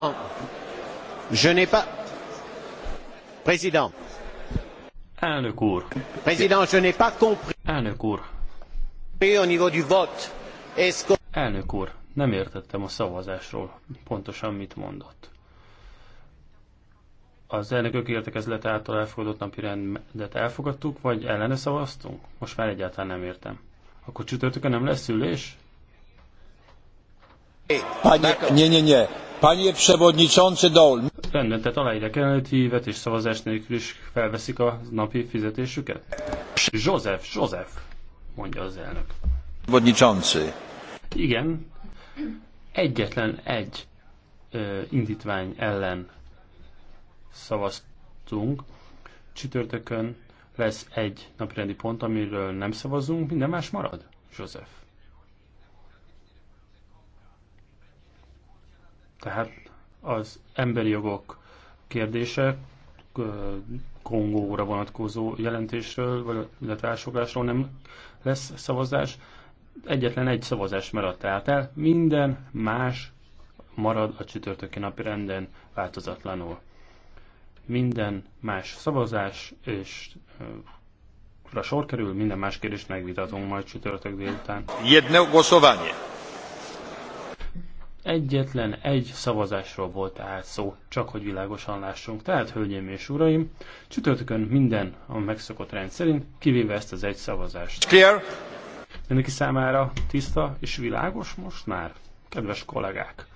Oh. Je n'ai pas. Président. Elnök úr. Président, je n'ai pas compris. Elnök úr. Au niveau du vote. Elnök úr, nem értettem a szavazásról pontosan mit mondott. Az elnökök értekezlete által elfogadott napi rendet elfogadtuk, vagy ellene szavaztunk? Most már egyáltalán nem értem. Akkor csütörtökön nem lesz ülés? Panie, nie, nie, nie. Panie przewodniczący Dol. Rendben, tehát aláírják ellenőtívet, és szavazás nélkül is felveszik a napi fizetésüket? József, József, mondja az elnök. Przewodniczący. Igen, egyetlen egy ö, indítvány ellen szavaztunk. Csütörtökön lesz egy napirendi pont, amiről nem szavazunk, minden más marad, József. Tehát az emberi jogok kérdése Kongóra vonatkozó jelentésről, illetve elsogásról nem lesz szavazás. Egyetlen egy szavazás maradt tehát el, minden más marad a csütörtöki napi renden változatlanul. Minden más szavazás és ra sor kerül, minden más kérdést megvitatunk majd csütörtök délután. Jedno głosowanie. Egyetlen egy szavazásról volt tehát szó, csak hogy világosan lássunk. Tehát, hölgyeim és uraim, csütörtökön minden a megszokott rend szerint, kivéve ezt az egy szavazást. Clear. Mindenki számára tiszta és világos most már? Kedves kollégák,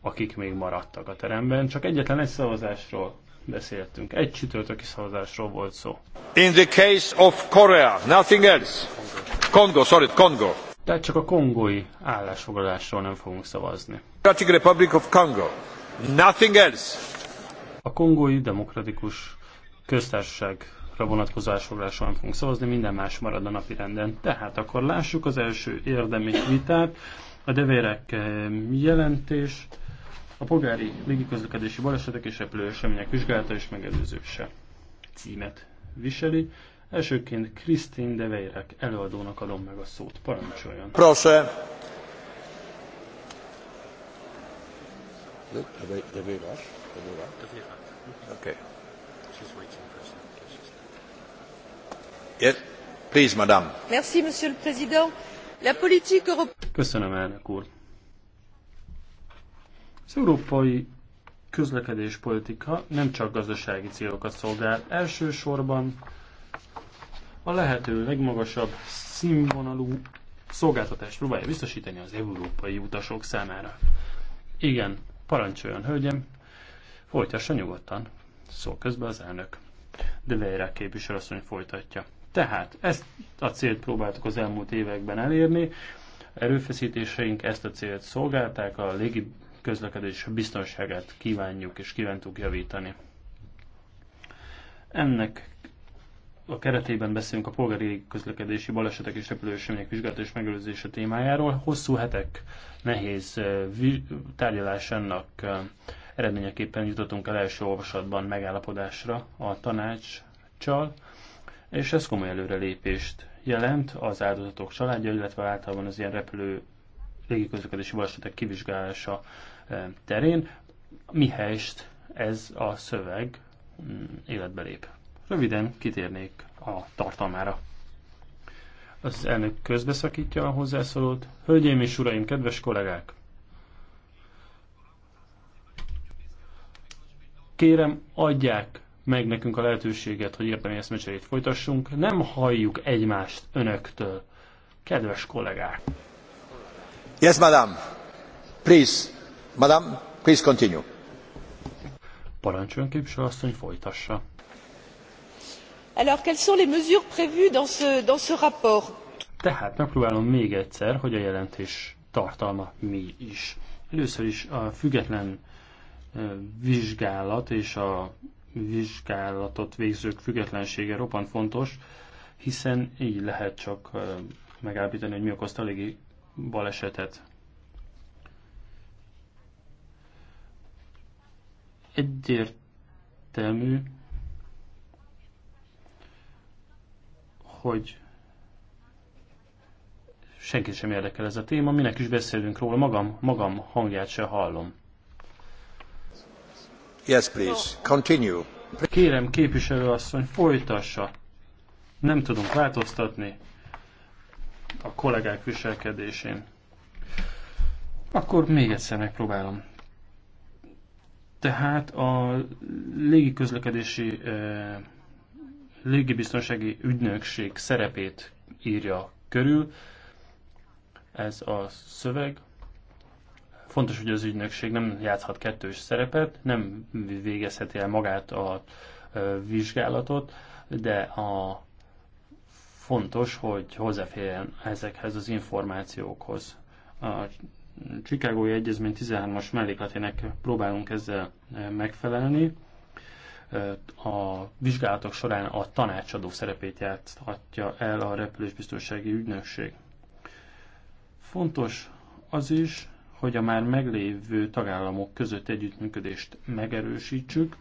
akik még maradtak a teremben, csak egyetlen egy szavazásról beszéltünk. Egy csütörtöki szavazásról volt szó. In the case of Korea, nothing else. Congo, Congo sorry, Congo de csak a kongói állásfoglalásról nem fogunk szavazni. Republic of Congo. Nothing else. A kongói demokratikus köztársaságra vonatkozó állásfoglalásról nem fogunk szavazni, minden más marad a napi renden. Tehát akkor lássuk az első érdemi vitát, a devérek eh, jelentés, a polgári légiközlekedési balesetek és események vizsgálata és megelőzőse címet viseli. Elsőként Krisztin Deveirek előadónak adom meg a szót. Parancsoljon. Proszę. madame. Köszönöm, elnök úr. Az európai közlekedéspolitika nem csak gazdasági célokat szolgál, elsősorban a lehető legmagasabb színvonalú szolgáltatást próbálja biztosítani az európai utasok számára. Igen, parancsoljon, hölgyem, folytassa nyugodtan, szól közben az elnök. De Veira képviselőasszony folytatja. Tehát ezt a célt próbáltuk az elmúlt években elérni, erőfeszítéseink ezt a célt szolgálták, a légi közlekedés biztonságát kívánjuk és kívántuk javítani. Ennek a keretében beszélünk a polgári közlekedési balesetek és repülőesemények vizsgálata és megelőzése témájáról. Hosszú hetek nehéz eh, tárgyalásának eh, eredményeképpen jutottunk el első olvasatban megállapodásra a tanácssal, és ez komoly előrelépést jelent az áldozatok családja, illetve általában az ilyen repülő légiközlekedési balesetek kivizsgálása eh, terén, mihelyst ez a szöveg mm, életbe lép. Röviden kitérnék a tartalmára. Az elnök közbeszakítja a hozzászólót. Hölgyeim és uraim, kedves kollégák! Kérem, adják meg nekünk a lehetőséget, hogy érdemi eszmecserét folytassunk. Nem halljuk egymást önöktől. Kedves kollégák! Yes, madam. Please, madam, please continue. Parancsoljon képviselő asszony, folytassa. Alors, quelles sont les mesures prévues dans ce, dans ce rapport? Tehát megpróbálom még egyszer, hogy a jelentés tartalma mi is. Először is a független vizsgálat és a vizsgálatot végzők függetlensége roppant fontos, hiszen így lehet csak megállapítani, hogy mi okozta a légi balesetet. Egyértelmű, hogy senki sem érdekel ez a téma, minek is beszélünk róla, magam, magam hangját se hallom. Yes, please. Continue. Kérem, képviselőasszony, folytassa. Nem tudunk változtatni a kollégák viselkedésén. Akkor még egyszer megpróbálom. Tehát a légiközlekedési eh, légibiztonsági ügynökség szerepét írja körül. Ez a szöveg. Fontos, hogy az ügynökség nem játszhat kettős szerepet, nem végezheti el magát a vizsgálatot, de a fontos, hogy hozzáférjen ezekhez az információkhoz. A Csikágói Egyezmény 13-as mellékletének próbálunk ezzel megfelelni a vizsgálatok során a tanácsadó szerepét játszhatja el a repülésbiztonsági ügynökség. Fontos az is, hogy a már meglévő tagállamok között együttműködést megerősítsük,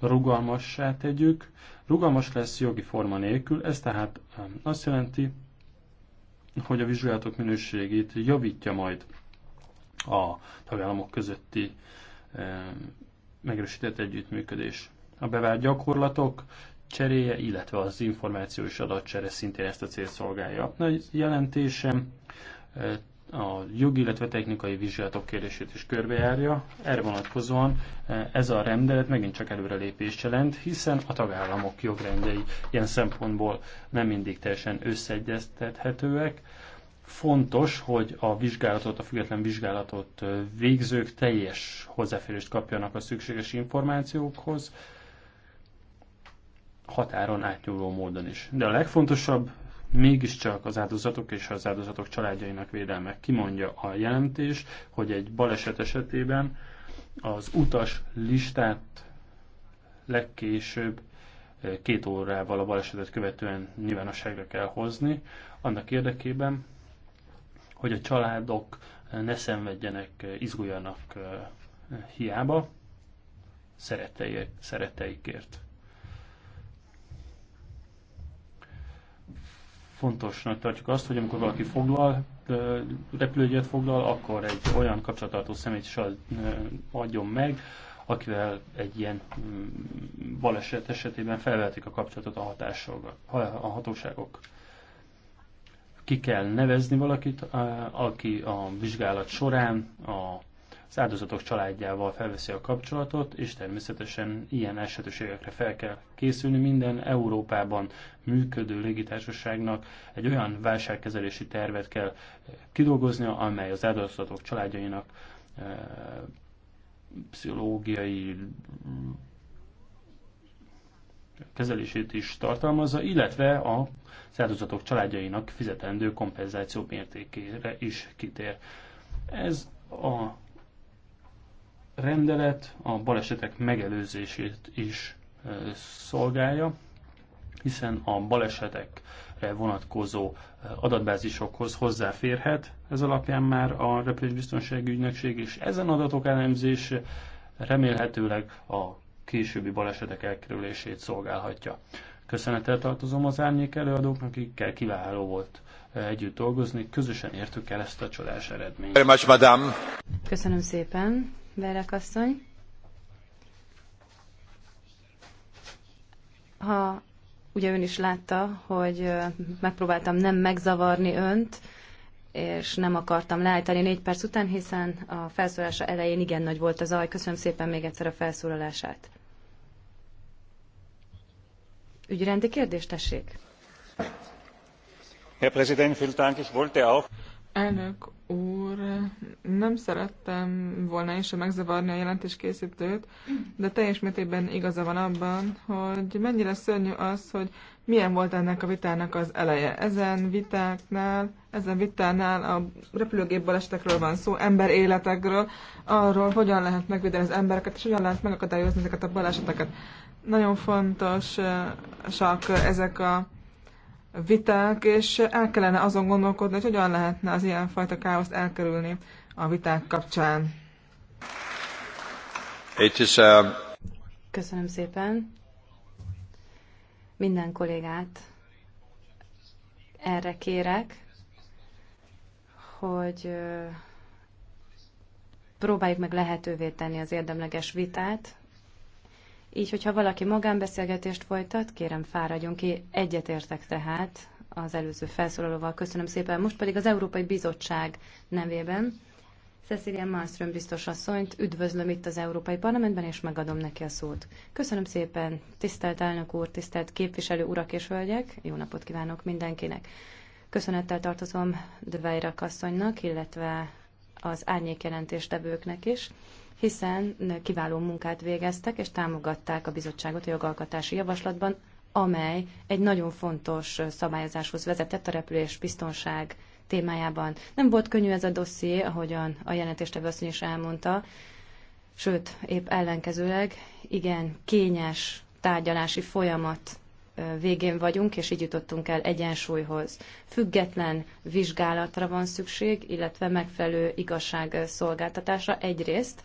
rugalmassá tegyük. Rugalmas lesz jogi forma nélkül, ez tehát hm, azt jelenti, hogy a vizsgálatok minőségét javítja majd a tagállamok közötti hm, megerősített együttműködés a bevált gyakorlatok cseréje, illetve az információ és adatcsere szintén ezt a célt szolgálja. A jelentésem eh, a jogi, illetve technikai vizsgálatok kérdését is körbejárja. Erre vonatkozóan eh, ez a rendelet megint csak előrelépést jelent, hiszen a tagállamok jogrendjei ilyen szempontból nem mindig teljesen összeegyeztethetőek. Fontos, hogy a vizsgálatot, a független vizsgálatot eh, végzők teljes hozzáférést kapjanak a szükséges információkhoz, határon átnyúló módon is. De a legfontosabb mégiscsak az áldozatok és az áldozatok családjainak védelme. Kimondja a jelentés, hogy egy baleset esetében az utas listát legkésőbb eh, két órával a balesetet követően nyilvánosságra kell hozni, annak érdekében, hogy a családok eh, ne szenvedjenek, eh, izguljanak hiába szeretteikért. fontosnak tartjuk azt, hogy amikor valaki foglal, repülőjegyet foglal, akkor egy olyan kapcsolatartó személyt is adjon meg, akivel egy ilyen mm, baleset esetében felvehetik a kapcsolatot a a hatóságok. Ki kell nevezni valakit, aki a vizsgálat során a az áldozatok családjával felveszi a kapcsolatot, és természetesen ilyen esetőségekre fel kell készülni. Minden Európában működő légitársaságnak egy olyan válságkezelési tervet kell eh, kidolgoznia, amely az áldozatok családjainak eh, pszichológiai mm, kezelését is tartalmazza, illetve a áldozatok családjainak fizetendő kompenzáció mértékére is kitér. Ez a rendelet a balesetek megelőzését is szolgálja, hiszen a balesetekre vonatkozó adatbázisokhoz hozzáférhet. Ez alapján már a repülésbiztonsági ügynökség és ezen adatok elemzése remélhetőleg a későbbi balesetek elkerülését szolgálhatja. Köszönettel tartozom az árnyék előadóknak, akikkel kiváló volt együtt dolgozni, közösen értük el ezt a csodás eredményt. Köszönöm szépen. Berek asszony. Ha ugye ön is látta, hogy megpróbáltam nem megzavarni önt, és nem akartam leállítani négy perc után, hiszen a felszólása elején igen nagy volt az zaj. Köszönöm szépen még egyszer a felszólalását. Ügyrendi kérdést tessék. Herr Präsident, vielen Dank. Ich wollte auch Elnök úr, nem szerettem volna én sem megzavarni a jelentéskészítőt, de teljes mértékben igaza van abban, hogy mennyire szörnyű az, hogy milyen volt ennek a vitának az eleje. Ezen vitáknál, ezen vitánál a repülőgép balesetekről van szó, életekről, arról, hogyan lehet megvédeni az embereket, és hogyan lehet megakadályozni ezeket a baleseteket. Nagyon fontosak eh, ezek a viták, és el kellene azon gondolkodni, hogy hogyan lehetne az ilyenfajta káoszt elkerülni a viták kapcsán. Is, uh... Köszönöm szépen minden kollégát. Erre kérek, hogy próbáljuk meg lehetővé tenni az érdemleges vitát, így, hogyha valaki magánbeszélgetést folytat, kérem fáradjon ki. Egyetértek tehát az előző felszólalóval. Köszönöm szépen. Most pedig az Európai Bizottság nevében Cecilia Malmström biztos asszonyt üdvözlöm itt az Európai Parlamentben, és megadom neki a szót. Köszönöm szépen, tisztelt elnök úr, tisztelt képviselő urak és hölgyek, jó napot kívánok mindenkinek. Köszönettel tartozom Döveira asszonynak, illetve az árnyékjelentéstevőknek is hiszen kiváló munkát végeztek, és támogatták a bizottságot a jogalkatási javaslatban, amely egy nagyon fontos szabályozáshoz vezetett a repülés biztonság témájában. Nem volt könnyű ez a dosszié, ahogyan a jelentéstevő asszony is elmondta, sőt, épp ellenkezőleg igen kényes tárgyalási folyamat végén vagyunk, és így jutottunk el egyensúlyhoz. Független vizsgálatra van szükség, illetve megfelelő igazságszolgáltatásra egyrészt,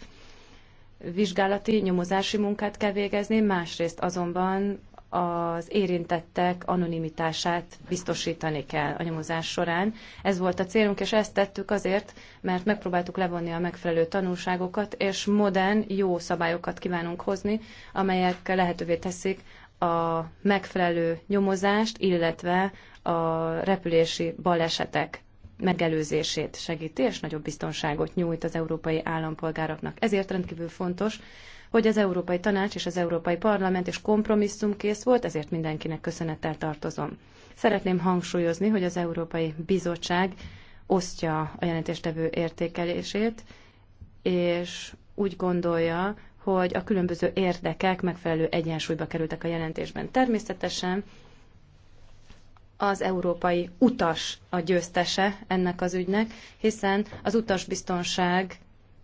vizsgálati, nyomozási munkát kell végezni, másrészt azonban az érintettek anonimitását biztosítani kell a nyomozás során. Ez volt a célunk, és ezt tettük azért, mert megpróbáltuk levonni a megfelelő tanulságokat, és modern, jó szabályokat kívánunk hozni, amelyek lehetővé teszik a megfelelő nyomozást, illetve a repülési balesetek megelőzését segíti, és nagyobb biztonságot nyújt az európai állampolgároknak. Ezért rendkívül fontos, hogy az Európai Tanács és az Európai Parlament is kompromisszumkész volt, ezért mindenkinek köszönettel tartozom. Szeretném hangsúlyozni, hogy az Európai Bizottság osztja a jelentéstevő értékelését, és úgy gondolja, hogy a különböző érdekek megfelelő egyensúlyba kerültek a jelentésben. Természetesen az európai utas a győztese ennek az ügynek, hiszen az utasbiztonság,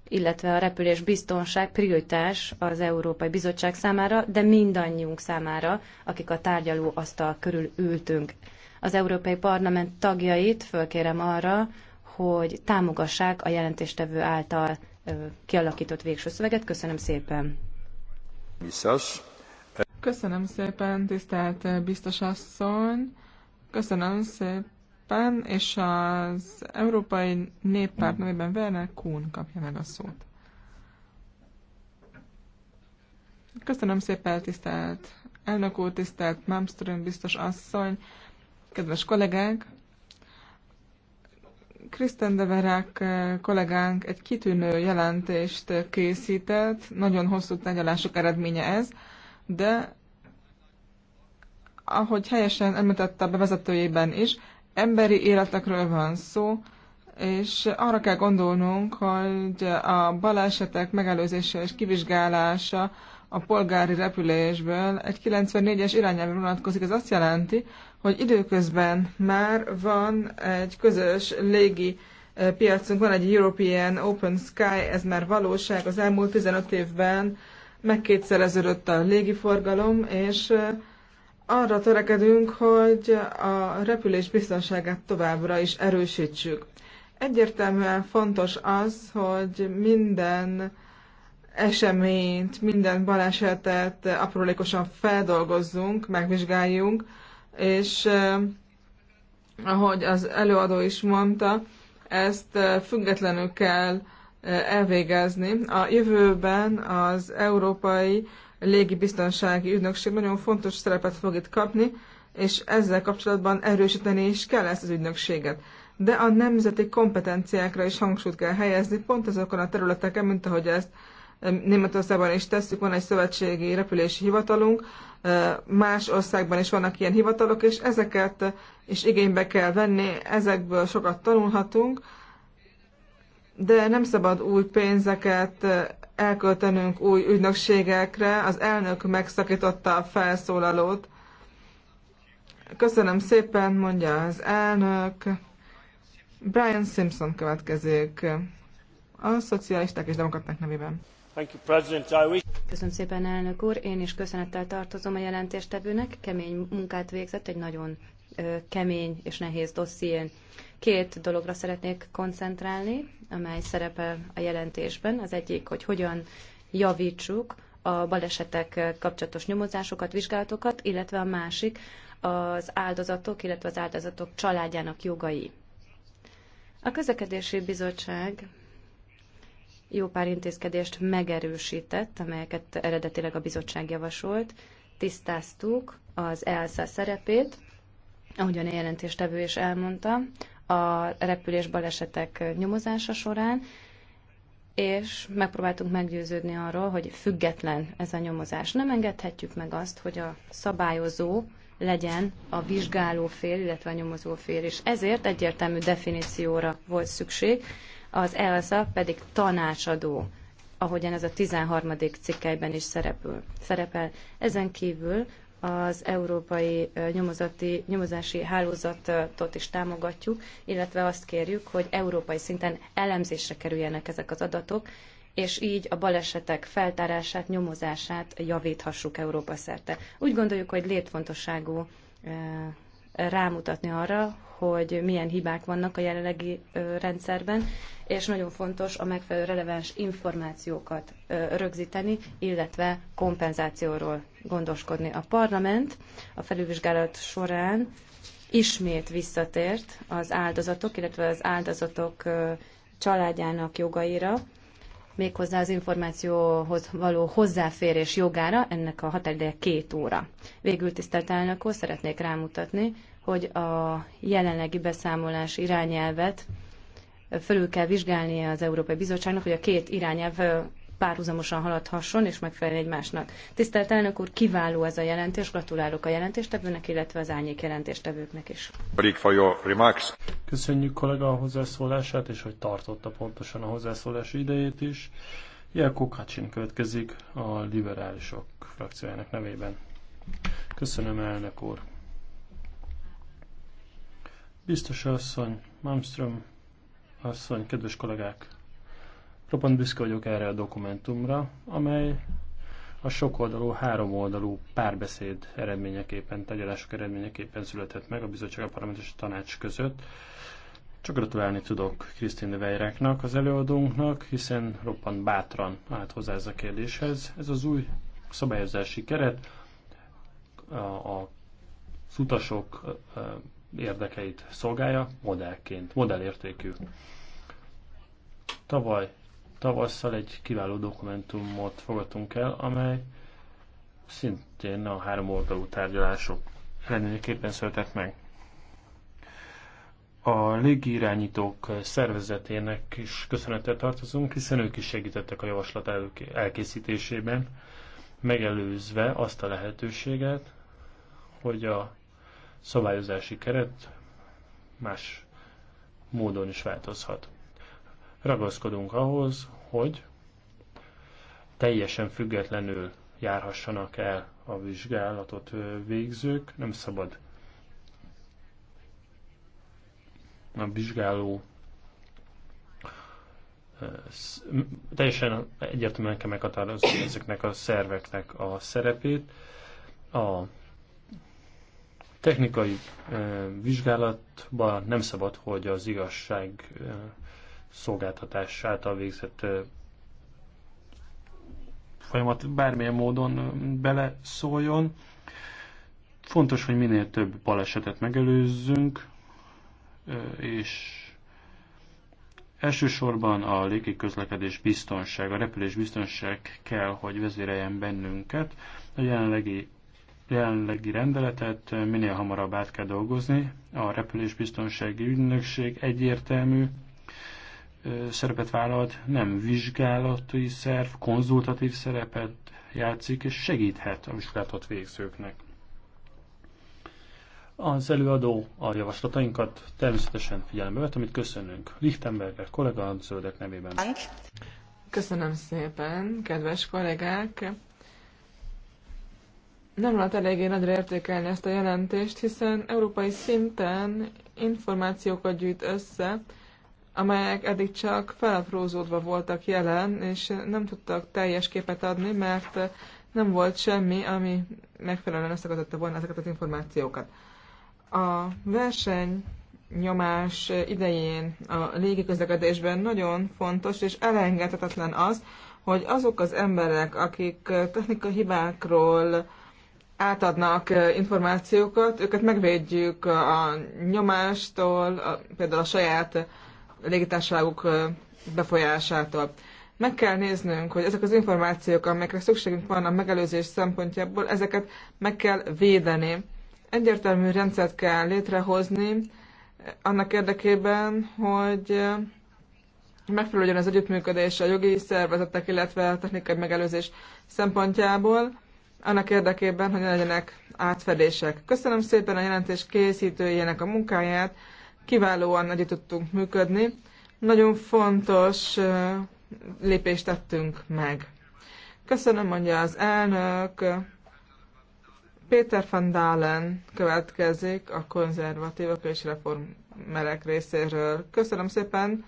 illetve a repülés biztonság prioritás az Európai Bizottság számára, de mindannyiunk számára, akik a tárgyaló asztal körül ültünk. Az Európai Parlament tagjait fölkérem arra, hogy támogassák a jelentéstevő által kialakított végső szöveget. Köszönöm szépen! Biztos. Köszönöm szépen, tisztelt biztos asszony! Köszönöm szépen, és az Európai Néppárt nevében Werner Kuhn kapja meg a szót. Köszönöm szépen, tisztelt elnök úr, tisztelt Malmström biztos asszony, kedves kollégák! Kristen Deverák kollégánk egy kitűnő jelentést készített, nagyon hosszú tárgyalások eredménye ez, de ahogy helyesen említette a bevezetőjében is, emberi életekről van szó, és arra kell gondolnunk, hogy a balesetek megelőzése és kivizsgálása a polgári repülésből egy 94-es irányelvre vonatkozik. Ez azt jelenti, hogy időközben már van egy közös légi e, piacunk, van egy European Open Sky, ez már valóság. Az elmúlt 15 évben megkétszereződött a légiforgalom, és e, arra törekedünk, hogy a repülés biztonságát továbbra is erősítsük. Egyértelműen fontos az, hogy minden eseményt, minden balesetet aprólékosan feldolgozzunk, megvizsgáljunk, és eh, ahogy az előadó is mondta, ezt eh, függetlenül kell eh, elvégezni. A jövőben az európai légibiztonsági ügynökség nagyon fontos szerepet fog itt kapni, és ezzel kapcsolatban erősíteni is kell ezt az ügynökséget. De a nemzeti kompetenciákra is hangsúlyt kell helyezni, pont azokon a területeken, mint ahogy ezt Németországban is tesszük, van egy szövetségi repülési hivatalunk, más országban is vannak ilyen hivatalok, és ezeket is igénybe kell venni, ezekből sokat tanulhatunk, de nem szabad új pénzeket elköltenünk új ügynökségekre. Az elnök megszakította a felszólalót. Köszönöm szépen, mondja az elnök. Brian Simpson következik a szocialisták és demokraták nevében. Köszönöm szépen, elnök úr. Én is köszönettel tartozom a jelentéstevőnek. Kemény munkát végzett egy nagyon kemény és nehéz dosszién. Két dologra szeretnék koncentrálni, amely szerepel a jelentésben. Az egyik, hogy hogyan javítsuk a balesetek kapcsolatos nyomozásokat, vizsgálatokat, illetve a másik az áldozatok, illetve az áldozatok családjának jogai. A közlekedési bizottság jó pár intézkedést megerősített, amelyeket eredetileg a bizottság javasolt. Tisztáztuk az ELSA szerepét, ahogyan a jelentéstevő is elmondta, a repülés balesetek nyomozása során, és megpróbáltunk meggyőződni arról, hogy független ez a nyomozás. Nem engedhetjük meg azt, hogy a szabályozó legyen a vizsgáló fél, illetve a nyomozó fél, és ezért egyértelmű definícióra volt szükség, az ELSA pedig tanácsadó, ahogyan ez a 13. cikkelyben is szerepül. szerepel. Ezen kívül az európai nyomozati, nyomozási hálózatot is támogatjuk, illetve azt kérjük, hogy európai szinten elemzésre kerüljenek ezek az adatok, és így a balesetek feltárását, nyomozását javíthassuk Európa szerte. Úgy gondoljuk, hogy létfontosságú rámutatni arra, hogy milyen hibák vannak a jelenlegi rendszerben, és nagyon fontos a megfelelő releváns információkat rögzíteni, illetve kompenzációról gondoskodni. A parlament a felülvizsgálat során ismét visszatért az áldozatok, illetve az áldozatok családjának jogaira, méghozzá az információhoz való hozzáférés jogára, ennek a határideje két óra. Végül tisztelt elnök úr, szeretnék rámutatni, hogy a jelenlegi beszámolás irányelvet fölül kell vizsgálnia az Európai Bizottságnak, hogy a két irányelv párhuzamosan haladhasson és megfelel egymásnak. Tisztelt elnök úr, kiváló ez a jelentés, gratulálok a jelentéstevőnek, illetve az árnyék jelentéstevőknek is. Köszönjük kollega a hozzászólását, és hogy tartotta pontosan a hozzászólási idejét is. Jelko Kacsin következik a liberálisok frakciójának nevében. Köszönöm, elnök úr. Biztos asszony, Malmström asszony, kedves kollégák, Roppant büszke vagyok erre a dokumentumra, amely a sokoldalú, háromoldalú párbeszéd eredményeképpen, tegyelások eredményeképpen született meg a bizottság a parlament és a tanács között. Csak gratulálni tudok Krisztin Weyreknak, az előadónknak, hiszen roppant bátran állt hozzá ez a kérdéshez. Ez az új szabályozási keret a, a utasok érdekeit szolgálja modellként, modellértékű. Tavaly Tavasszal egy kiváló dokumentumot fogadtunk el, amely szintén a három oldalú tárgyalások eredményeképpen született meg. A légirányítók szervezetének is köszönetet tartozunk, hiszen ők is segítettek a javaslat elkészítésében, megelőzve azt a lehetőséget, hogy a szabályozási keret más módon is változhat ragaszkodunk ahhoz, hogy teljesen függetlenül járhassanak el a vizsgálatot végzők, nem szabad a vizsgáló teljesen egyértelműen kell meghatározni ezeknek a szerveknek a szerepét. A technikai vizsgálatban nem szabad, hogy az igazság szolgáltatás által végzett folyamat bármilyen módon beleszóljon. Fontos, hogy minél több balesetet megelőzzünk, és elsősorban a légi közlekedés biztonság, a repülés biztonság kell, hogy vezéreljen bennünket. A jelenlegi, jelenlegi rendeletet minél hamarabb át kell dolgozni. A repülés biztonsági ügynökség egyértelmű szerepet vállalt, nem vizsgálati szerv, konzultatív szerepet játszik, és segíthet a vizsgálatot végzőknek. Az előadó a javaslatainkat természetesen figyelembe vett, amit köszönünk. Lichtenberger kollega a zöldek nevében. Köszönöm szépen, kedves kollégák! Nem lehet eléggé nagyra értékelni ezt a jelentést, hiszen európai szinten információkat gyűjt össze, amelyek eddig csak felaprózódva voltak jelen, és nem tudtak teljes képet adni, mert nem volt semmi, ami megfelelően összekötötte volna ezeket az információkat. A verseny nyomás idején a légiközlekedésben nagyon fontos és elengedhetetlen az, hogy azok az emberek, akik technikai hibákról átadnak eh, információkat, őket megvédjük a nyomástól, a, például a saját légitársaságok befolyásától. Meg kell néznünk, hogy ezek az információk, amelyekre szükségünk van a megelőzés szempontjából, ezeket meg kell védeni. Egyértelmű rendszert kell létrehozni eh, annak érdekében, hogy eh, megfelelődjön az együttműködés a jogi szervezetek, illetve a technikai megelőzés szempontjából, annak érdekében, hogy ne legyenek átfedések. Köszönöm szépen a jelentés készítőjének a munkáját, kiválóan együtt tudtunk működni. Nagyon fontos lépést tettünk meg. Köszönöm, mondja az elnök. Péter van Dalen következik a konzervatívok és reformerek részéről. Köszönöm szépen.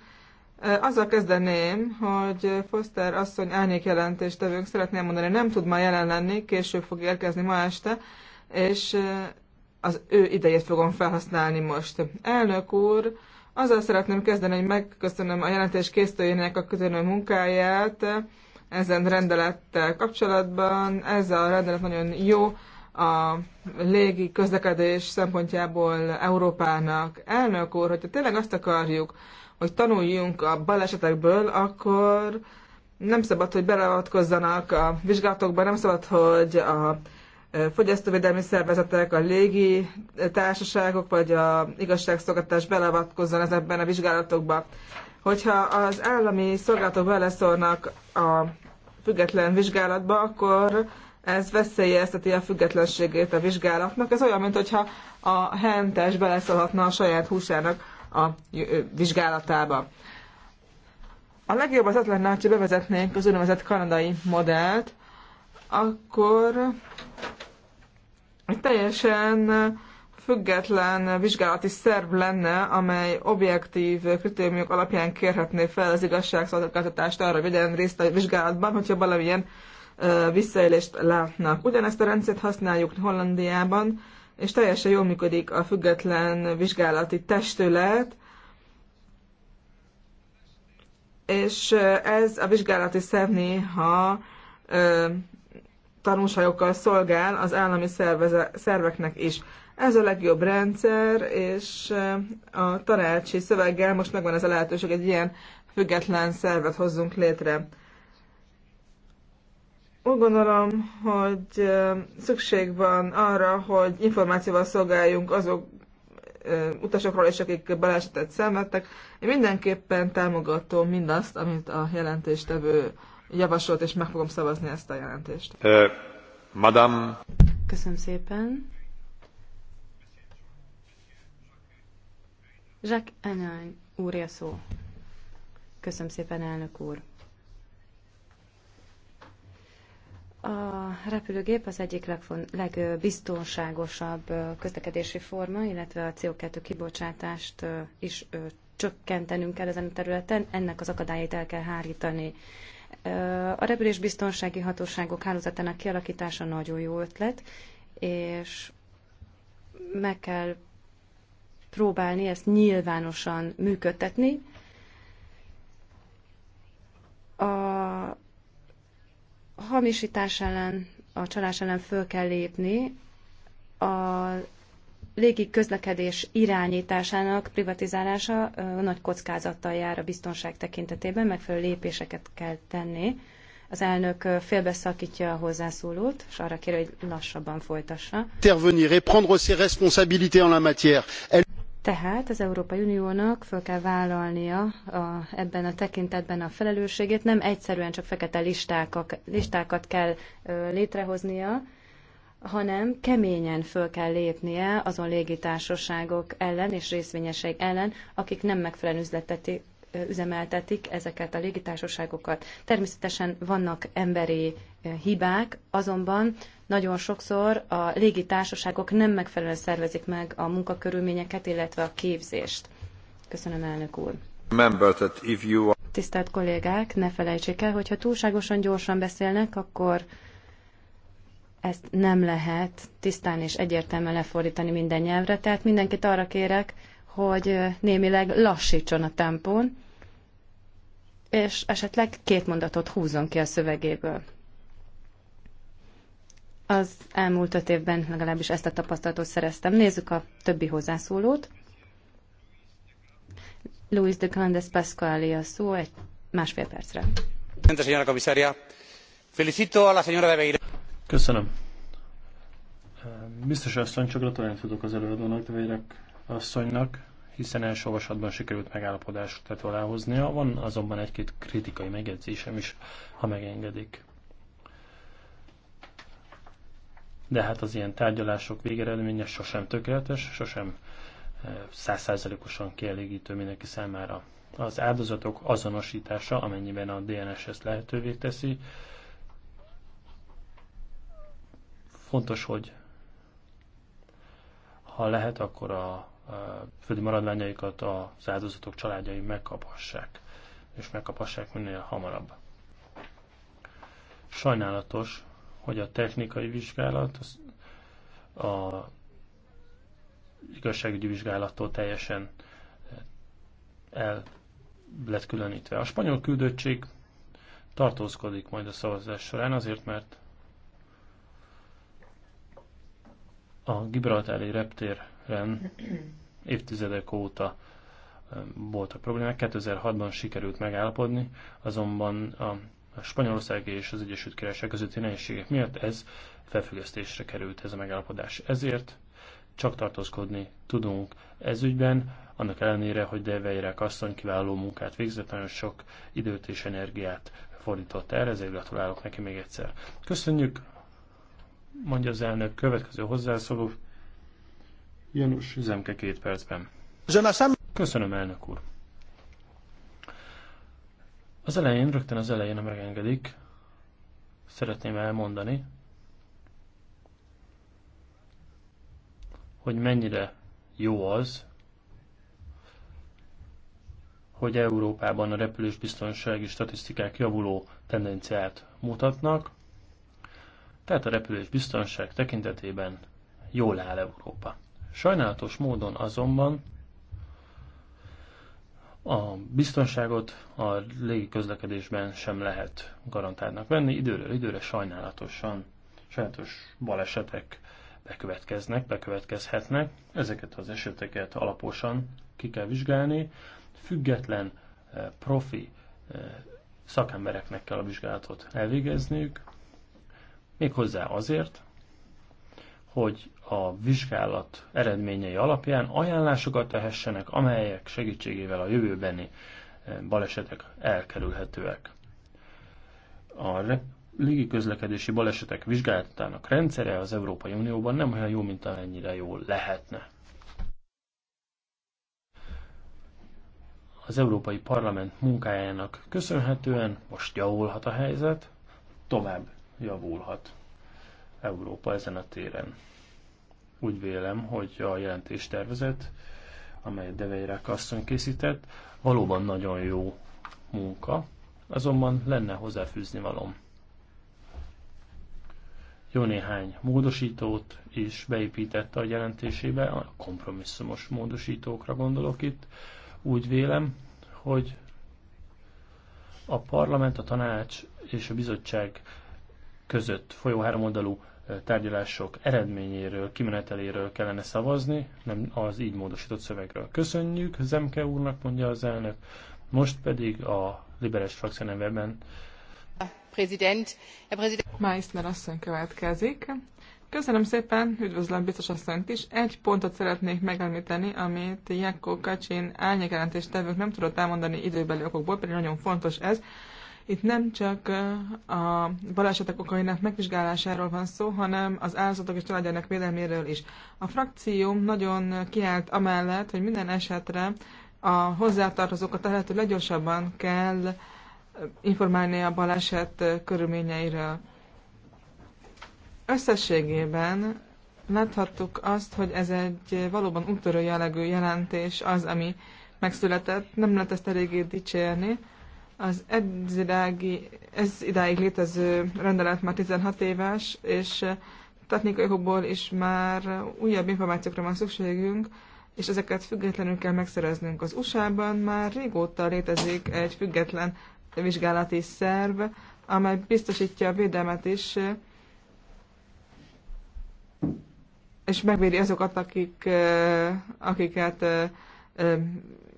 Azzal kezdeném, hogy Foster asszony jelentést tevünk. szeretném mondani, nem tud ma jelen lenni, később fog érkezni ma este, és az ő idejét fogom felhasználni most. Elnök úr, azzal szeretném kezdeni, hogy megköszönöm a jelentés készítőjének a közönő munkáját ezen rendelettel kapcsolatban. Ez a rendelet nagyon jó a légi közlekedés szempontjából Európának. Elnök úr, hogyha tényleg azt akarjuk, hogy tanuljunk a balesetekből, akkor nem szabad, hogy beleavatkozzanak a vizsgálatokba, nem szabad, hogy a fogyasztóvédelmi szervezetek, a légi társaságok vagy a igazságszolgáltatás beleavatkozzon ezekben a vizsgálatokba. Hogyha az állami szolgálatok beleszólnak a független vizsgálatba, akkor ez veszélyezteti a függetlenségét a vizsgálatnak. Ez olyan, mintha a hentes beleszólhatna a saját húsának a vizsgálatába. A legjobb az lenne, ha bevezetnénk az úgynevezett kanadai modellt, akkor egy teljesen független vizsgálati szerv lenne, amely objektív kritériumok alapján kérhetné fel az igazságszolgáltatást arra, hogy vegyen részt a vizsgálatban, hogyha valamilyen visszaélést látnak. Ugyanezt a rendszert használjuk Hollandiában, és teljesen jól működik a független vizsgálati testület, és ez a vizsgálati szerv néha tanulságokkal szolgál az állami szerveze, szerveknek is. Ez a legjobb rendszer, és eh, a tanácsi szöveggel most megvan ez a lehetőség, egy ilyen független szervet hozzunk létre. Úgy gondolom, hogy eh, szükség van arra, hogy információval szolgáljunk azok eh, utasokról és akik balesetet szenvedtek. Én mindenképpen támogatom mindazt, amit a jelentéstevő javasolt, és meg fogom szavazni ezt a jelentést. Uh, madame. Köszönöm szépen. Jacques Enán úrja szó. Köszönöm szépen, elnök úr. A repülőgép az egyik legfon- legbiztonságosabb közlekedési forma, illetve a CO2 kibocsátást is csökkentenünk kell ezen a területen, ennek az akadályait el kell hárítani. A repülésbiztonsági biztonsági hatóságok hálózatának kialakítása nagyon jó ötlet, és meg kell próbálni ezt nyilvánosan működtetni. A hamisítás ellen, a csalás ellen föl kell lépni, a légi közlekedés irányításának privatizálása nagy kockázattal jár a biztonság tekintetében, megfelelő lépéseket kell tenni. Az elnök félbeszakítja a hozzászólót, és arra kér, hogy lassabban folytassa. Tehát az Európai Uniónak föl kell vállalnia a, ebben a tekintetben a felelősségét, nem egyszerűen csak fekete listákat, listákat kell létrehoznia, hanem keményen föl kell lépnie azon légitársaságok ellen és részvényeség ellen, akik nem megfelelően üzleteti, üzemeltetik ezeket a légitársaságokat. Természetesen vannak emberi hibák, azonban nagyon sokszor a légitársaságok nem megfelelően szervezik meg a munkakörülményeket, illetve a képzést. Köszönöm, elnök úr. Tisztelt kollégák, ne felejtsék el, hogyha túlságosan gyorsan beszélnek, akkor ezt nem lehet tisztán és egyértelműen lefordítani minden nyelvre, tehát mindenkit arra kérek, hogy némileg lassítson a tempón, és esetleg két mondatot húzzon ki a szövegéből. Az elmúlt öt évben legalábbis ezt a tapasztalatot szereztem. Nézzük a többi hozzászólót. Luis de Grandes Pascuali a szó egy másfél percre. Felicito a la señora de Beira Köszönöm. Biztos asszony, csak gratulálni tudok az előadónak, de Vérek asszonynak, hiszen első olvasatban sikerült megállapodást tett aláhoznia. Van azonban egy-két kritikai megjegyzésem is, ha megengedik. De hát az ilyen tárgyalások végeredménye sosem tökéletes, sosem eh, százszázalékosan kielégítő mindenki számára. Az áldozatok azonosítása, amennyiben a DNS ezt lehetővé teszi, Fontos, hogy ha lehet, akkor a földi maradványaikat az áldozatok családjai megkaphassák, és megkaphassák minél hamarabb. Sajnálatos, hogy a technikai vizsgálat az a igazságügyi vizsgálattól teljesen eh, el lett különítve. A spanyol küldöttség tartózkodik majd a szavazás során, azért mert A Gibraltári reptéren évtizedek óta voltak problémák. 2006-ban sikerült megállapodni, azonban a Spanyolország és az Egyesült Királyság közötti nehézségek miatt ez felfüggesztésre került ez a megállapodás. Ezért csak tartózkodni tudunk ez ügyben, annak ellenére, hogy De asszony kiváló munkát végzett, nagyon sok időt és energiát fordított erre, ezért gratulálok neki még egyszer. Köszönjük, mondja az elnök, következő hozzászóló. Janus Zemke két percben. Köszönöm, elnök úr. Az elején, rögtön az elején, ha megengedik, szeretném elmondani, hogy mennyire jó az, hogy Európában a repülésbiztonsági statisztikák javuló tendenciát mutatnak, tehát a repülés biztonság tekintetében jól áll Európa. Sajnálatos módon azonban a biztonságot a légi közlekedésben sem lehet garantálnak venni. Időről időre sajnálatosan sajnálatos balesetek bekövetkeznek, bekövetkezhetnek. Ezeket az eseteket alaposan ki kell vizsgálni. Független, eh, profi eh, szakembereknek kell a vizsgálatot elvégezniük, Méghozzá azért, hogy a vizsgálat eredményei alapján ajánlásokat tehessenek, amelyek segítségével a jövőbeni eh, balesetek elkerülhetőek. A légiközlekedési balesetek vizsgálatának rendszere az Európai Unióban nem olyan jó, mint amennyire jó lehetne. Az Európai Parlament munkájának köszönhetően most javulhat a helyzet, tovább javulhat Európa ezen a téren. Úgy vélem, hogy a jelentéstervezet, amelyet Deveirák asszony készített, valóban nagyon jó munka, azonban lenne hozzáfűzni valom. Jó néhány módosítót is beépítette a jelentésébe, a kompromisszumos módosítókra gondolok itt. Úgy vélem, hogy a parlament, a tanács és a bizottság között folyó háromoldalú tárgyalások eredményéről, kimeneteléről kellene szavazni, nem az így módosított szövegről. Köszönjük Zemke úrnak, mondja az elnök. Most pedig a liberális frakció nevében Prezident, Prezident. Meissner asszony következik. Köszönöm szépen, üdvözlöm biztos asszonyt is. Egy pontot szeretnék megemlíteni, amit Jakko Kacsin álnyegelentést tevők nem tudott elmondani időbeli okokból, pedig nagyon fontos ez. Itt nem csak a balesetek okainak megvizsgálásáról van szó, hanem az áldozatok és családjának védelméről is. A frakcióm nagyon kiállt amellett, hogy minden esetre a hozzátartozókat a lehető leggyorsabban kell informálni a baleset körülményeiről. Összességében láthattuk azt, hogy ez egy valóban úttörő jellegű jelentés az, ami megszületett. Nem lehet ezt eléggé dicsérni. Az eddigi, ez idáig létező rendelet már 16 éves, és technikai okokból is már újabb információkra van szükségünk, és ezeket függetlenül kell megszereznünk. Az USA-ban már régóta létezik egy független vizsgálati szerv, amely biztosítja a védelmet is, és megvédi azokat, akik, eh, akiket eh, eh,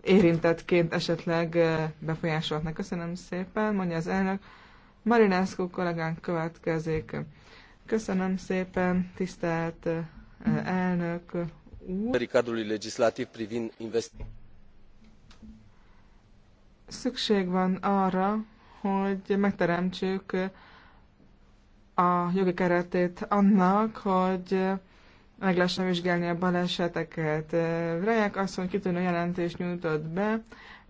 érintettként esetleg befolyásolhatnak. Köszönöm szépen, mondja az elnök. Marinescu kollégánk következik. Köszönöm szépen, tisztelt elnök úr. Szükség van arra, hogy megteremtsük a jogi keretét annak, hogy meg lehessen vizsgálni a baleseteket. Reják asszony kitűnő jelentést nyújtott be,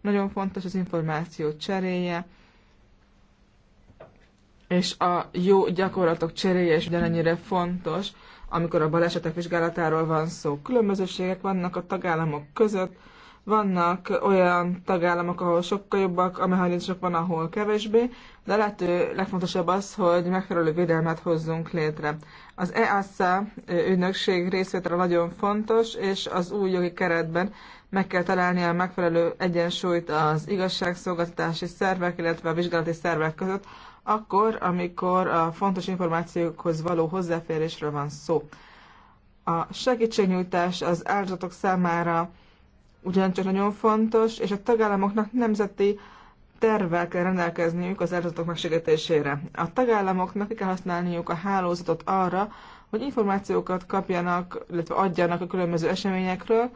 nagyon fontos az információ cseréje, és a jó gyakorlatok cseréje is ugyanennyire fontos, amikor a balesetek vizsgálatáról van szó. Különbözőségek vannak a tagállamok között, vannak olyan tagállamok, ahol sokkal jobbak a mechanizmusok, van, ahol kevésbé, de lehető legfontosabb az, hogy megfelelő védelmet hozzunk létre. Az EASA ügynökség részvétele nagyon fontos, és az új jogi keretben meg kell találni a megfelelő egyensúlyt az igazságszolgáltatási szervek, illetve a vizsgálati szervek között, akkor, amikor a fontos információkhoz való hozzáférésről van szó. A segítségnyújtás az áldozatok számára ugyancsak nagyon fontos, és a tagállamoknak nemzeti tervvel kell rendelkezniük az áldozatok megsegítésére. A tagállamoknak ki kell használniuk a hálózatot arra, hogy információkat kapjanak, illetve adjanak a különböző eseményekről,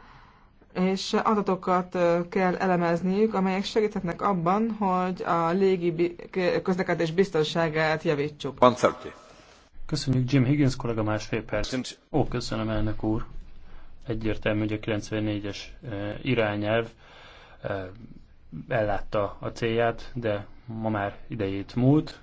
és adatokat kell elemezniük, amelyek segíthetnek abban, hogy a légi közlekedés biztonságát javítsuk. Köszönjük Jim Higgins kollega másfél perc. Ó, köszönöm elnök úr. Egyértelmű, hogy a 94-es irányelv ellátta a célját, de ma már idejét múlt,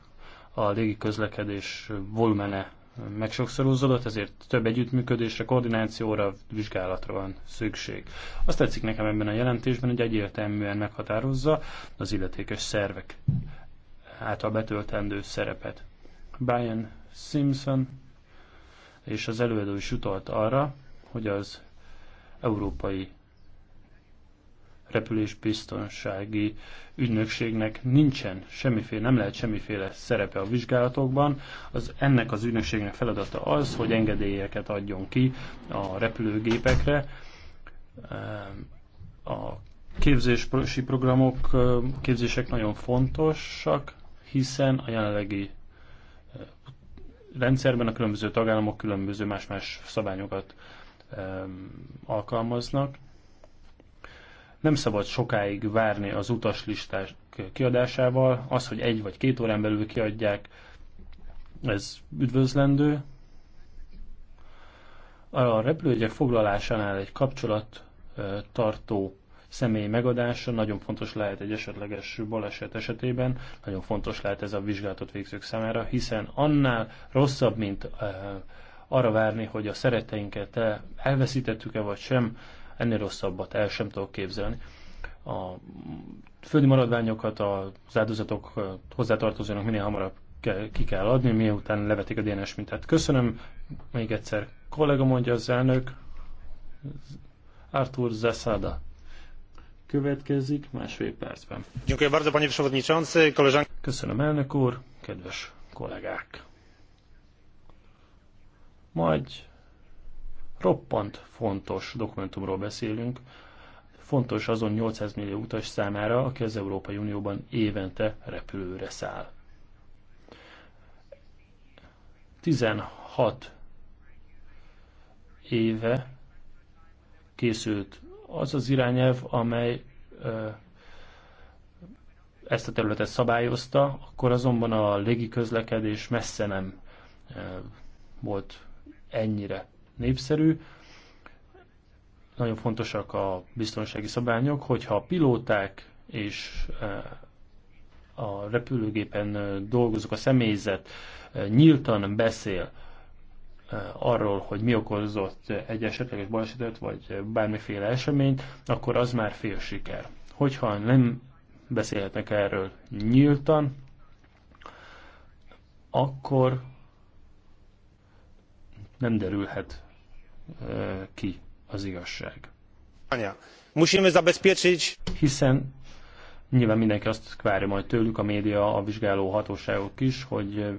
a légi közlekedés volumene megsokszorozódott, ezért több együttműködésre, koordinációra, vizsgálatra van szükség. Azt tetszik nekem ebben a jelentésben, hogy egyértelműen meghatározza az illetékes szervek által betöltendő szerepet. Brian Simpson és az előadó is utalt arra, hogy az európai repülésbiztonsági ügynökségnek nincsen semmiféle, nem lehet semmiféle szerepe a vizsgálatokban. Az, ennek az ügynökségnek feladata az, hogy engedélyeket adjon ki a repülőgépekre. Ehm, a képzési programok, ehm, képzések nagyon fontosak, hiszen a jelenlegi ehm, rendszerben a különböző tagállamok különböző más-más szabályokat alkalmaznak, nem szabad sokáig várni az utaslisták kiadásával. Az, hogy egy vagy két órán belül kiadják, ez üdvözlendő. A repülőgyek foglalásánál egy kapcsolat tartó személy megadása nagyon fontos lehet egy esetleges baleset esetében, nagyon fontos lehet ez a vizsgálatot végzők számára, hiszen annál rosszabb, mint arra várni, hogy a szereteinket elveszítettük-e vagy sem, Ennél rosszabbat el sem tudok képzelni. A földi maradványokat az áldozatok hozzátartozónak minél hamarabb ki kell adni, miután levetik a DNS mintát. Köszönöm, még egyszer kollega mondja az elnök, Artur Zasada. Következik másfél percben. Köszönöm, elnök úr, kedves kollégák. Majd Roppant fontos dokumentumról beszélünk, fontos azon 800 millió utas számára, aki az Európai Unióban évente repülőre száll. 16 éve készült az az irányelv, amely ezt a területet szabályozta, akkor azonban a légiközlekedés messze nem volt ennyire népszerű, nagyon fontosak a biztonsági szabályok, hogyha a pilóták és e, a repülőgépen e, dolgozók, a személyzet e, nyíltan beszél arról, hogy mi okozott egy esetleges balesetet, vagy bármiféle eseményt, akkor az már fél siker. Hogyha nem beszélhetnek erről nyíltan, akkor nem derülhet Eh, ki az igazság. Anya, Hiszen nyilván mindenki azt várja majd tőlük, a média, a vizsgáló hatóságok is, hogy eh,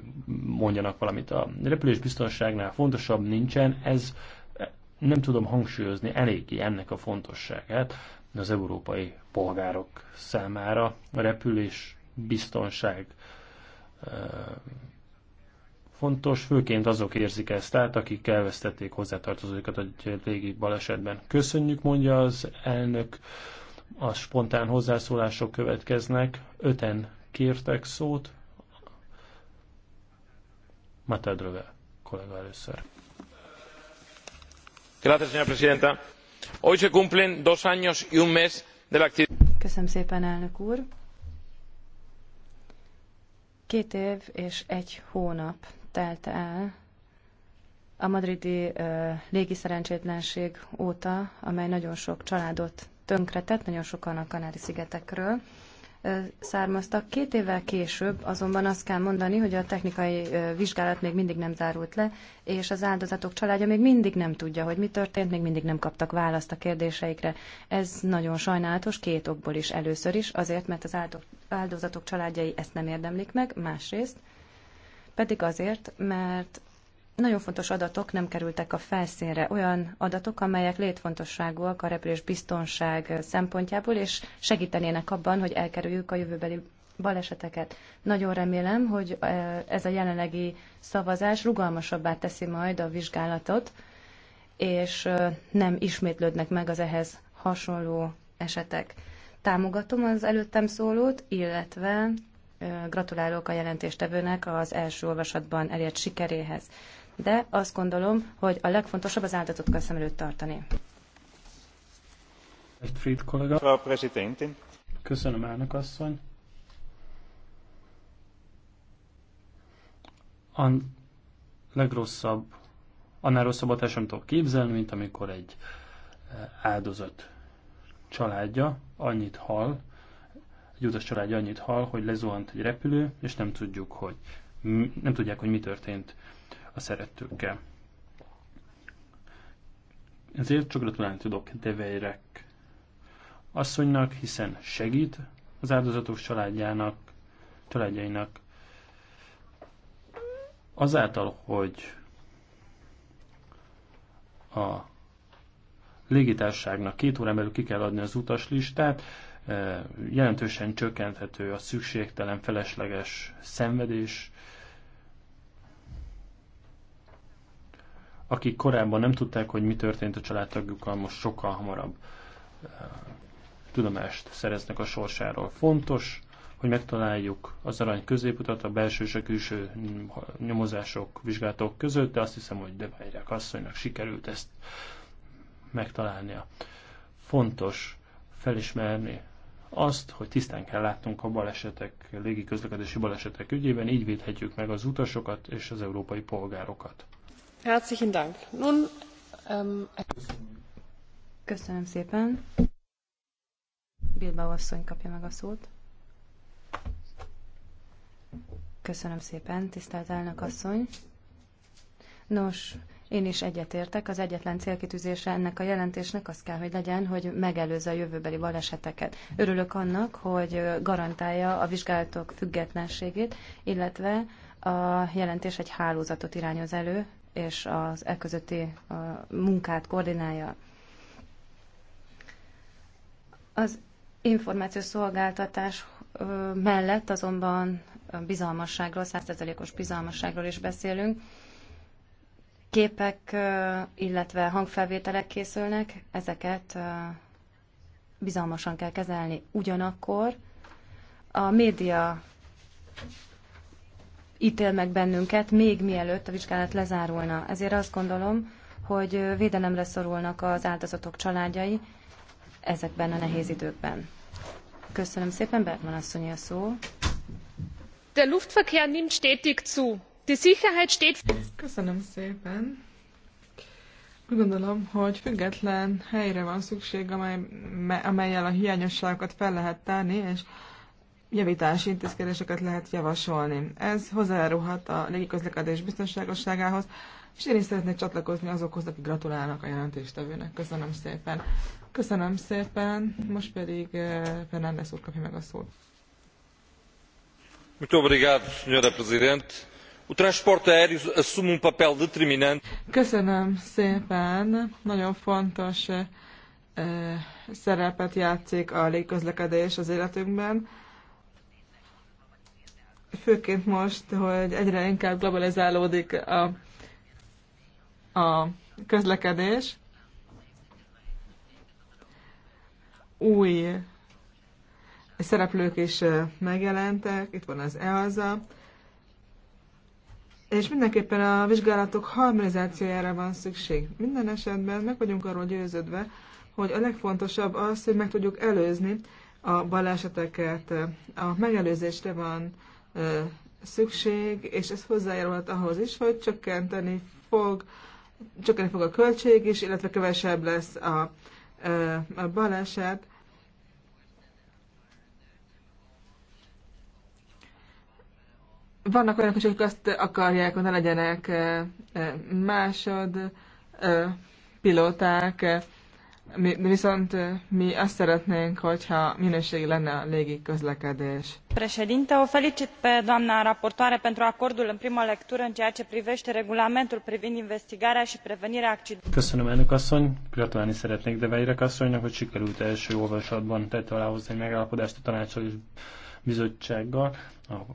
mondjanak valamit. A repülés biztonságnál fontosabb nincsen, ez eh, nem tudom hangsúlyozni eléggé ennek a fontosságát az európai polgárok számára. A repülés biztonság fontos, főként azok érzik ezt át, akik elvesztették hozzátartozóikat a régi balesetben. Köszönjük, mondja az elnök, a spontán hozzászólások következnek, öten kértek szót, Matadröve kollega először. Köszönöm szépen, elnök úr. Két év és egy hónap telt el a madridi ö, légiszerencsétlenség óta, amely nagyon sok családot tönkretett, nagyon sokan a Kanári-szigetekről származtak. Két évvel később azonban azt kell mondani, hogy a technikai vizsgálat még mindig nem zárult le, és az áldozatok családja még mindig nem tudja, hogy mi történt, még mindig nem kaptak választ a kérdéseikre. Ez nagyon sajnálatos két okból is először is, azért, mert az áldozatok családjai ezt nem érdemlik meg, másrészt, pedig azért, mert nagyon fontos adatok nem kerültek a felszínre, olyan adatok, amelyek létfontosságúak a repülés biztonság szempontjából, és segítenének abban, hogy elkerüljük a jövőbeli baleseteket. Nagyon remélem, hogy e, ez a jelenlegi szavazás rugalmasabbá teszi majd a vizsgálatot, és e, nem ismétlődnek meg az ehhez hasonló esetek. Támogatom az előttem szólót, illetve gratulálok a jelentéstevőnek az első olvasatban elért sikeréhez. De azt gondolom, hogy a legfontosabb az áldatot kell szem előtt tartani. Fried kollega. Köszönöm, elnök asszony. A legrosszabb, annál rosszabbat el sem tudok képzelni, mint amikor egy eh, áldozat családja annyit hal, egy utas családja annyit hall, hogy lezuhant egy repülő, és nem tudjuk, hogy nem tudják, hogy mi történt a szeretőkkel. Ezért csak gratulálni tudok Deveirek asszonynak, hiszen segít az áldozatok családjának, családjainak. Azáltal, hogy a légitárságnak két órán belül ki kell adni az utaslistát, jelentősen csökkenthető a szükségtelen, felesleges szenvedés. Akik korábban nem tudták, hogy mi történt a családtagjukkal, most sokkal hamarabb tudomást szereznek a sorsáról. Fontos, hogy megtaláljuk az arany középutat a belső és a külső nyomozások, vizsgálatok között, de azt hiszem, hogy Devairák asszonynak sikerült ezt megtalálnia. Fontos felismerni azt, hogy tisztán kell látnunk a balesetek, légiközlekedési balesetek ügyében, így védhetjük meg az utasokat és az európai polgárokat. Herzlichen Dank. Nun, ähm, Köszönöm szépen. Bilbao asszony kapja meg a szót. Köszönöm szépen, tisztelt elnök asszony. Nos, én is egyetértek, az egyetlen célkitűzése ennek a jelentésnek az kell, hogy legyen, hogy megelőzze a jövőbeli baleseteket. Örülök annak, hogy garantálja a vizsgálatok függetlenségét, illetve a jelentés egy hálózatot irányoz elő, és az e közötti munkát koordinálja. Az információs szolgáltatás mellett azonban bizalmasságról, százszerzelékos bizalmasságról is beszélünk képek, illetve hangfelvételek készülnek, ezeket bizalmasan kell kezelni. Ugyanakkor a média ítél meg bennünket, még mielőtt a vizsgálat lezárulna. Ezért azt gondolom, hogy védelemre szorulnak az áldozatok családjai ezekben a nehéz időkben. Köszönöm szépen, Bertman asszony a szó. Der Luftverkehr nimmt stetig zu Die Sicherheit steht... Köszönöm szépen. Úgy gondolom, hogy független helyre van szükség, amely, amelyel a hiányosságokat fel lehet tenni, és javítási intézkedéseket lehet javasolni. Ez hozzájárulhat a légiközlekedés biztonságosságához, és én is szeretnék csatlakozni azokhoz, akik gratulálnak a jelentéstevőnek. Köszönöm szépen. Köszönöm szépen, most pedig eh, Fernández úr kapja meg a szót. Muito obrigado, senhora Presidente o transporte aéreo assume um papel determinante. Köszönöm szépen, nagyon fontos eh, szerepet játszik a légközlekedés az életünkben. Főként most, hogy egyre inkább globalizálódik a, a közlekedés, új szereplők is eh, megjelentek, itt van az EASA, és mindenképpen a vizsgálatok harmonizációjára van szükség. Minden esetben meg vagyunk arról győződve, hogy a legfontosabb az, hogy meg tudjuk előzni a baleseteket. A megelőzésre van ö, szükség, és ez hozzájárulhat ahhoz is, hogy csökkenteni fog, csökkenteni fog a költség is, illetve kevesebb lesz a, ö, a baleset. Vannak olyanok is, akik azt akarják, hogy ne legyenek másod pilóták, de viszont mi azt szeretnénk, hogyha minőségi lenne a légi közlekedés. Președinte, o felicit pe doamna raportoare pentru acordul în prima lectură în ceea ce privește regulamentul privind investigarea și prevenirea accidentelor. Köszönöm, elnök asszony. Gratulálni szeretnék Deveirek asszonynak, hogy sikerült első olvasatban tette aláhozni megállapodást a tanácsal bizottsággal a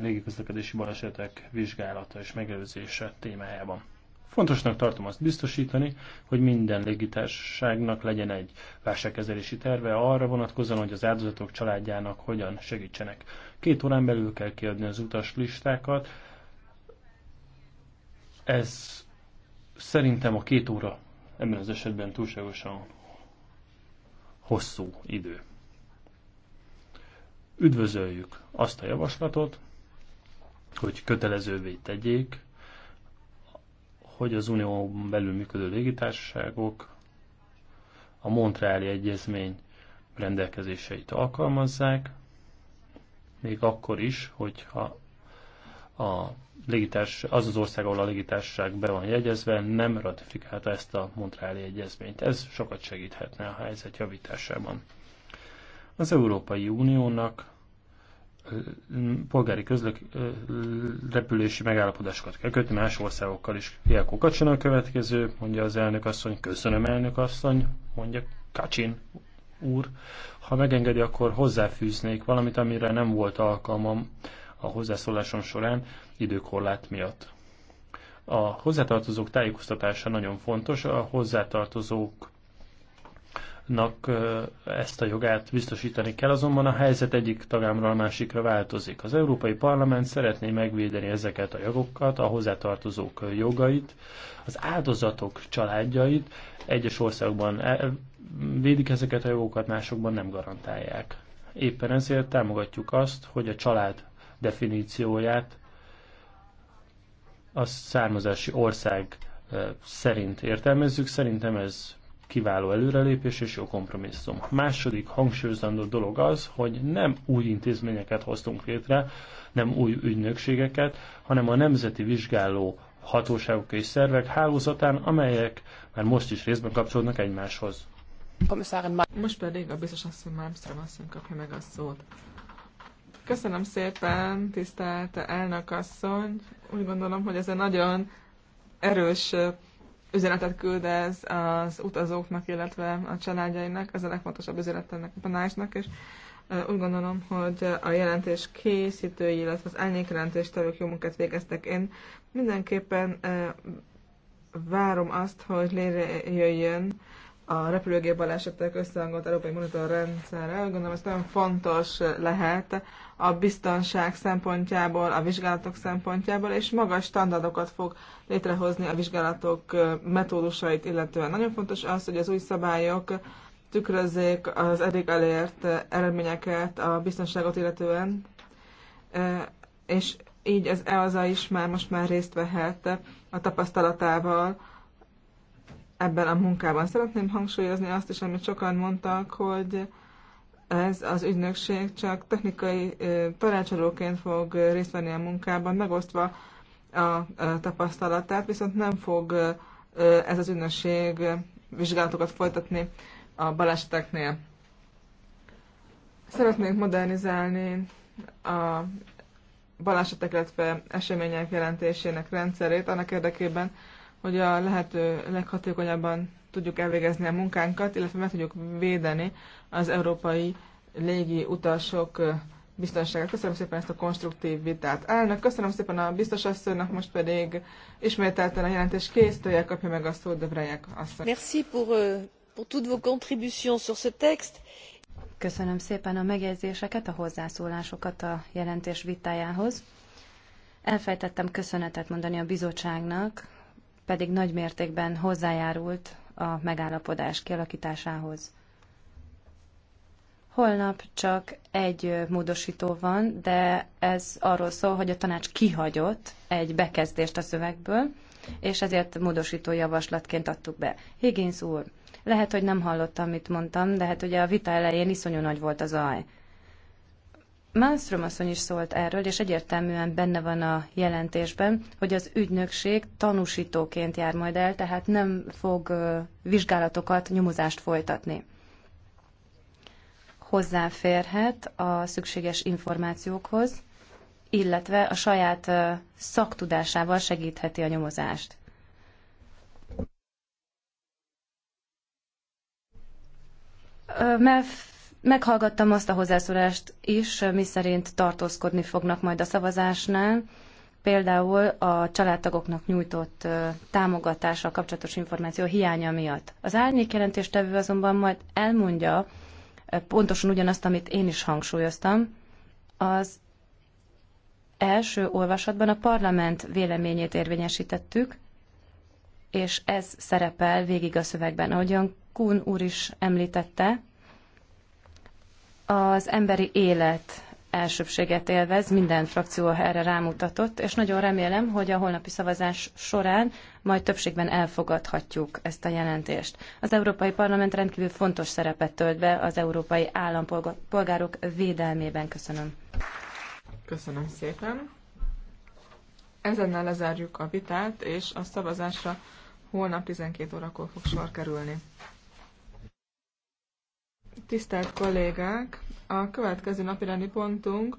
légiközlekedési balesetek vizsgálata és megelőzése témájában. Fontosnak tartom azt biztosítani, hogy minden légitársaságnak legyen egy válságkezelési terve arra vonatkozóan, hogy az áldozatok családjának hogyan segítsenek. Két órán belül kell kiadni az utaslistákat. Ez szerintem a két óra ebben az esetben túlságosan hosszú idő. Üdvözöljük azt a javaslatot, hogy kötelezővé tegyék, hogy az Unióban belül működő légitársaságok a Montreali Egyezmény rendelkezéseit alkalmazzák, még akkor is, hogyha a légitárs, az az ország, ahol a légitársaság be van jegyezve, nem ratifikálta ezt a Montreali Egyezményt. Ez sokat segíthetne a helyzet javításában. Az Európai Uniónak polgári közlek repülési megállapodásokat kell kötni más országokkal is. Jelkó a következő, mondja az elnök asszony, köszönöm elnök asszony, mondja Kacsin úr. Ha megengedi, akkor hozzáfűznék valamit, amire nem volt alkalmam a hozzászólásom során időkorlát miatt. A hozzátartozók tájékoztatása nagyon fontos, a hozzátartozók nak ezt a jogát biztosítani kell, azonban a helyzet egyik tagámról a másikra változik. Az Európai Parlament szeretné megvédeni ezeket a jogokat, a hozzátartozók jogait, az áldozatok családjait. Egyes országokban e, védik ezeket a jogokat, másokban nem garantálják. Éppen ezért támogatjuk azt, hogy a család definícióját a származási ország szerint értelmezzük. Szerintem ez kiváló előrelépés és jó kompromisszum. Második hangsúlyozandó dolog az, hogy nem új intézményeket hoztunk létre, nem új ügynökségeket, hanem a nemzeti vizsgáló hatóságok és szervek hálózatán, amelyek már most is részben kapcsolódnak egymáshoz. Most pedig a biztos asszony Malmström asszony kapja meg a szót. Köszönöm szépen, tisztelt elnök asszony. Úgy gondolom, hogy ez egy nagyon erős üzenetet küldesz ez az utazóknak, illetve a családjainak, ez a legfontosabb üzenet ennek a tanácsnak, és úgy gondolom, hogy a jelentés készítői, illetve az elnyék tevők jó munkát végeztek. Én mindenképpen várom azt, hogy létrejöjjön a repülőgép balesetek összehangolt európai monitor rendszerre. Úgy gondolom, ez nagyon fontos lehet a biztonság szempontjából, a vizsgálatok szempontjából, és magas standardokat fog létrehozni a vizsgálatok metódusait illetően. Nagyon fontos az, hogy az új szabályok tükrözzék az eddig elért eredményeket a biztonságot illetően, és így az EASA is már most már részt vehet a tapasztalatával ebben a munkában. Szeretném hangsúlyozni azt is, amit sokan mondtak, hogy ez az ügynökség csak technikai tanácsadóként fog részt venni a munkában, megosztva a tapasztalatát, viszont nem fog ez az ügynökség vizsgálatokat folytatni a baleseteknél. Szeretnénk modernizálni a balesetek, illetve események jelentésének rendszerét annak érdekében, hogy a lehető leghatékonyabban tudjuk elvégezni a munkánkat, illetve meg tudjuk védeni az európai légi utasok biztonságát. Köszönöm szépen ezt a konstruktív vitát. Elnök, köszönöm szépen a biztos asszonynak, most pedig ismételten a jelentés készítője kapja meg a szót, Debrejek asszony. Merci pour, euh, pour toutes vos contributions sur ce texte. Köszönöm szépen a megjegyzéseket, a hozzászólásokat a jelentés vitájához. Elfejtettem köszönetet mondani a bizottságnak, pedig nagy mértékben hozzájárult a megállapodás kialakításához. Holnap csak egy módosító van, de ez arról szól, hogy a tanács kihagyott egy bekezdést a szövegből, és ezért módosító javaslatként adtuk be. Higgins úr, lehet, hogy nem hallottam, mit mondtam, de hát ugye a vita elején iszonyú nagy volt az aj. Malmström asszony is szólt erről, és egyértelműen benne van a jelentésben, hogy az ügynökség tanúsítóként jár majd el, tehát nem fog vizsgálatokat, nyomozást folytatni. Hozzáférhet a szükséges információkhoz, illetve a saját szaktudásával segítheti a nyomozást. Mert Meghallgattam azt a hozzászólást is, miszerint tartózkodni fognak majd a szavazásnál, például a családtagoknak nyújtott támogatással kapcsolatos információ hiánya miatt. Az árnyék jelentéstevő azonban majd elmondja pontosan ugyanazt, amit én is hangsúlyoztam, az első olvasatban a parlament véleményét érvényesítettük, és ez szerepel végig a szövegben. Ahogyan Kuhn úr is említette, az emberi élet elsőbséget élvez, minden frakció erre rámutatott, és nagyon remélem, hogy a holnapi szavazás során majd többségben elfogadhatjuk ezt a jelentést. Az Európai Parlament rendkívül fontos szerepet tölt be az európai állampolgárok védelmében. Köszönöm. Köszönöm szépen. Ezennel lezárjuk a vitát, és a szavazásra holnap 12 órakor fog sor kerülni. Tisztelt kollégák, a következő napirendi pontunk